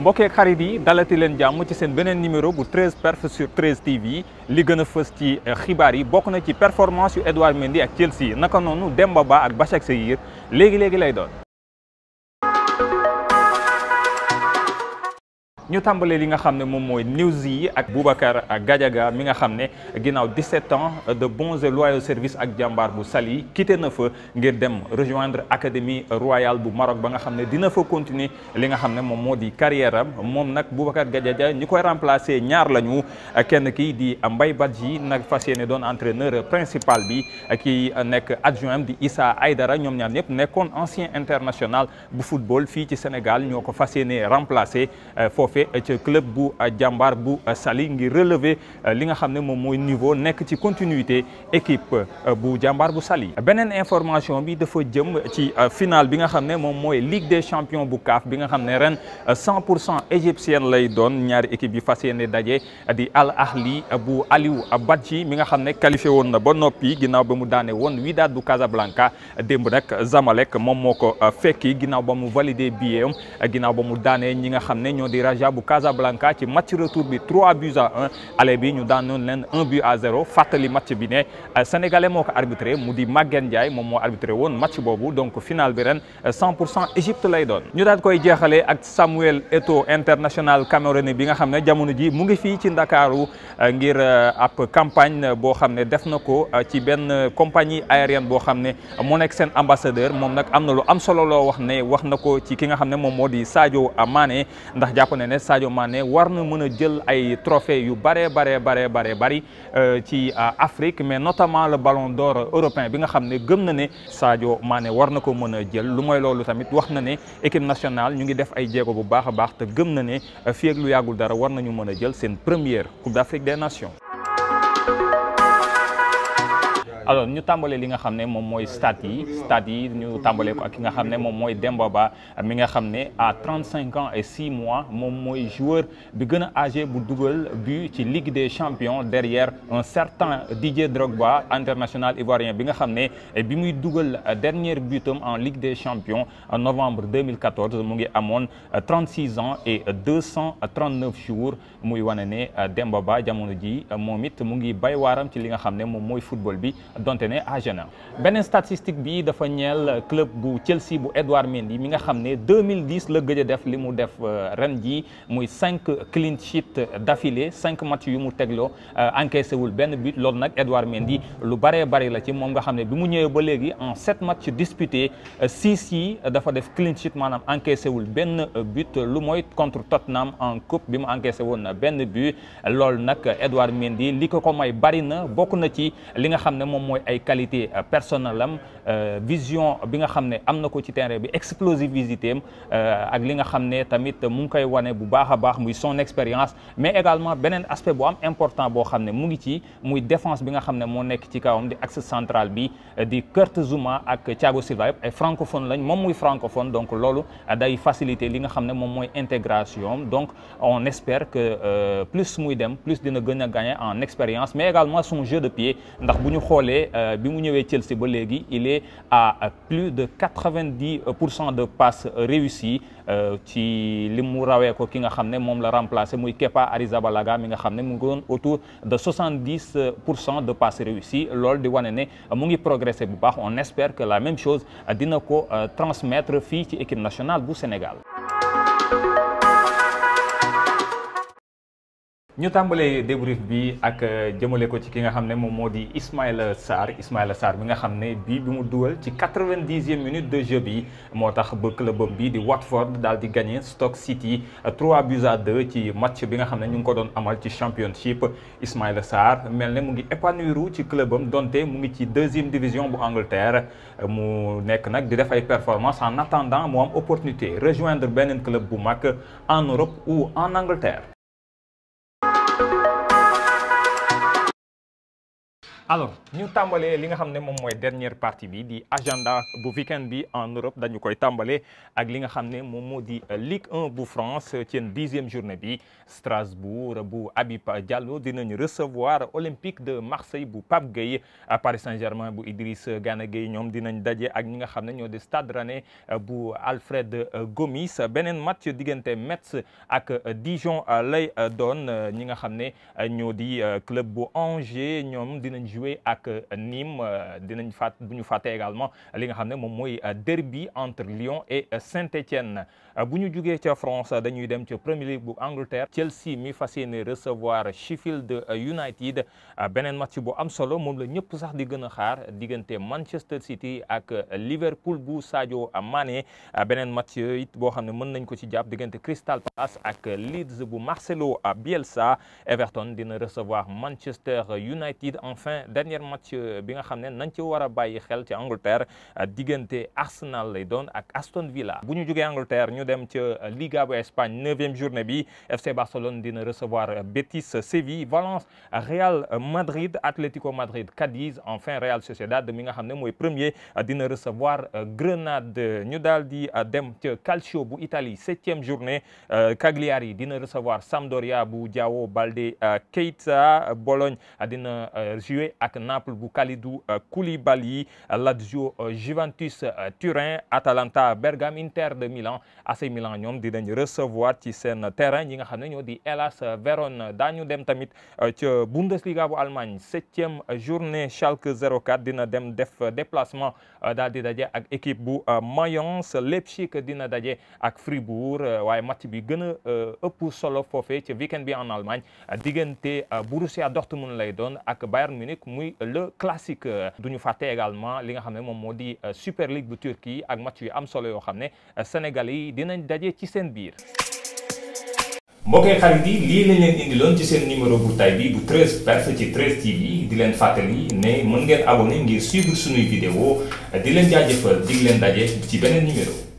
mbokkee xarit yi dalati leen jàmm ci seen beneen numéro bu 13 perf sur 13 TV li gën a fës ci eh, xibaar yi bokk na ci performance yu Edouard Mendy ak Chelsea naka noonu Demba Ba ak Başakşehir léegi léegi lay doon. ñu tàmbalee li nga xam ne moom mooy ak Boubacar Gadiaga mi nga xam ne 17 ans de bons et loyaux services ak jàmbaar bu Saly quitté na fa ngir dem rejoindre académie royale du Maroc ba nga xam ne dina fa continuer li nga xam ne moom carrière am moom Boubacar Gadiaga ñi koy remplacer ñaar lañu kenn ki di Mbaye Badji nag fas yéene doon entraîneur principal bi ki nekk adjoint de di Issa Aydara ñoom ñaar ñëpp nekkoon ancien international bu football fii ci Sénégal ñoo ko fas yéene remplacer eh, foofee nekkee le club bu Djambar bu Saly ngi relever euh, li nga xamné mom moy niveau nek ci continuité équipe euh, bu jàmbaar bu Saly benen information bi dafa jëm ci euh, finale bi nga xamné ne moy Ligue des champions bu CAF bi nga xamné ren 100 égyptienne lay donne ñaari équipe bi fassiyene dajé di Al Ahli bu Aliou Badji mi nga xamné ne qualifié woon na ba nopi ginnaaw ba mu daane woon Wydad bu Casablanca demb nak Zamalek mom moko fekki ginnaaw ba mu billet am ba mu ñi nga xamné ne ñoo di Raja Conca Casablanca ci match retour bi 3 buts à 1 aller bi ñu non len 1 but à 0 fatali match bi né euh, sénégalais moko ko arbitré mu di Maguette Ndiaye moom arbitré woon match bobu donc final bi ren 100 euh, Égypte lay doon. ñu daal koy jeexalee ak Samuel Eto'o international camerounais bi nga xamné jamono ji mu ngi fi ci Ndakaaru euh, ngir ab campagne bo xamné def nako ci ben compagnie aérienne bo xamné mo nek sen ambassadeur mom nak amna lu am solo lo wax né wax nako ci ki nga xamné mom modi Sadio Mané ndax jàpp né Sadio Mane, war na mën jël ay trophées yu baré, baré baré baré bari euh, ci euh, Afrique mais notamment le ballon d'or européen bi nga xamné gëm na né Sadio Mane, war na ko mëna jël lu moy lolu tamit wax na né équipe nationale ñu ngi def ay djégo bu baaxa baax te gëm na né euh, fi ak lu yagul dara war nañu mëna jël sen première Coupe d'Afrique des Nations alors ñu nous li nga xamné mom stade yi stade yi ñu ko ak nga à 35 ans et 6 mois mom moy joueur bi âgé bu but ci Ligue des champions derrière un certain Didier Drogba international ivoirien bi nga xamné bi muy dernier en Ligue des champions en novembre 2014 mo ngi nous 36 ans et 239 jours muy jamono ji ngi ci li nga nous football donte à statistiques statistique bi dafa club Chelsea bu Edouard Mendy mi nga 2010 le rendi def limu euh, euh, euh, def clean sheet d'affilée 5 matchs yu mu encaissé but Mendy lu la ci nga en 7 matchs disputés 6 clean sheet encaissé wul but contre Tottenham en coupe encaissé but Edouard Mendy ko may na moy ay qualité euh, personnelle am euh, vision bi nga xamné amna ko ci terrain bi explosivité euh ak li nga xamné tamit mu ngi koy wane bu baax baax muy son expérience mais également benen aspect bu am important bo xamné mu ngi ci muy défense bi nga xamné mo moo nekk ci kawam di axe central bi euh, di Kurt zuma ak Thiago Silva ay francophone lañ mom muy francophone donc lolu day faciliter li nga xamné mom moy intégration donc on espère que plus muy dem plus dina gëna gagner en expérience mais également son jeu de pied ndax buñu ñu xoolee euh, bi mu Chelsea ba il est à plus de 90 de passes réussies euh, ci li mu rawee ko ki nga la remplacé muy Kepa Arrizabalaga mi nga mu autour de 70 de passes réussies Lors di wane ne mu ngi progressé bu baax on espère que la même chose dina ko euh, transmettre fii ci équipe nationale bu Sénégal. ñu tàmbalee débrief bi ak euh, jëmale ko ci ki nga xam ne moom Ismaïla Sarr Ismaïla Sarr bi nga xam ne bii bi mu dugal ci minute de jeu bi moo ba club bi di Watford daal di gagné Stoke City 3 buts à 2 ci match bi nga xam ne ñu ko amal ci championship Ismaïla Sarr mel ne mu ngi club ci il est mu ngi ci e division bu Angleterre mu nekk nag di def ay performance en attendant mu am opportunité rejoindre beneen club bu en Europe ou en Angleterre. alors ñu tàmbalee li nga xam dernière partie bi di agenda bu weekend en Europe dañu koy tambalé ak li nga xam ne moom Ligue 1 bu France ci dixième journée bi Strasbourg bu Abipa Diallo dinañu recevoir Olympique de Marseille bu Pape Gueye Paris Saint-Germain bu Idriss Gana nous ñoom dinañ daje ak ñi Stade Rennais bu Alfred Gomis Benen match diggante Metz ak Dijon a Nous ñi nga xam ñoo di club bu Angers avec euh, Nîmes euh, dinañ fàtt également li nga euh, derby entre Lyon et saint etienne bu ñu jugee France dañuy dem la Premier League bu Angleterre Chelsea mi fas recevoir Sheffield United Benen match Bo am solo avons la ñëpp sax di Manchester City ak Liverpool bu Sadio Mané Benen match it boo xam mën nañ ko ci Crystal Palace ak Leeds bu Marcelo à Bielsa Everton dina recevoir Manchester United Enfin dernier match euh, bi nga xamné nañ ci wara a xel ci Angleterre euh, Arsenal lay doon ak Aston Villa. buñu ñu Angleterre ñu dem Ligue euh, Liga bu Espagne neuvième journée bi FC Barcelone dina recevoir Betis Séville Valence Real Madrid Atlético Madrid Cadiz enfin Real Sociedad mi nga xamné moy premier dina recevoir Grenade ñu daldi dem ci Calcio bu Italie septième journée Cagliari dina recevoir Sampdoria bu João Balde Keita Bologne dina jouer avec Naples bu Kalidou euh, Koulibaly Lazio euh, Juventus euh, Turin Atalanta Bergam, Inter de Milan AC Milan ñoom dinañ recevoir ci sen terrain ñi nga xamné ñoo di Hellas Verona Bundesliga bu Allemagne septième journée Schalke 04 dina dem def déplacement daal di daje ak équipe Mayence Leipzig dina ak Fribourg waye match bi gëna ëpp solo ci en Allemagne diggante Borussia Dortmund lay doon ak Bayern Munich classique muy le classique du ñu fàtte également li nga xam ne moom moo di euh, super ligue bu Turquie ak match yu am solo yoo xam ne euh, Sénégal yi dinañ daje ci seen biir. mbokk xarit yi lii lañ leen indiloon ci seen numéro bu tay bi bu 13 perf ci 13 TV di leen fàttali ne mën ngeen abonné ngir suivre suñuy vidéo di leen jaajëfal dig leen daje ci beneen numéro.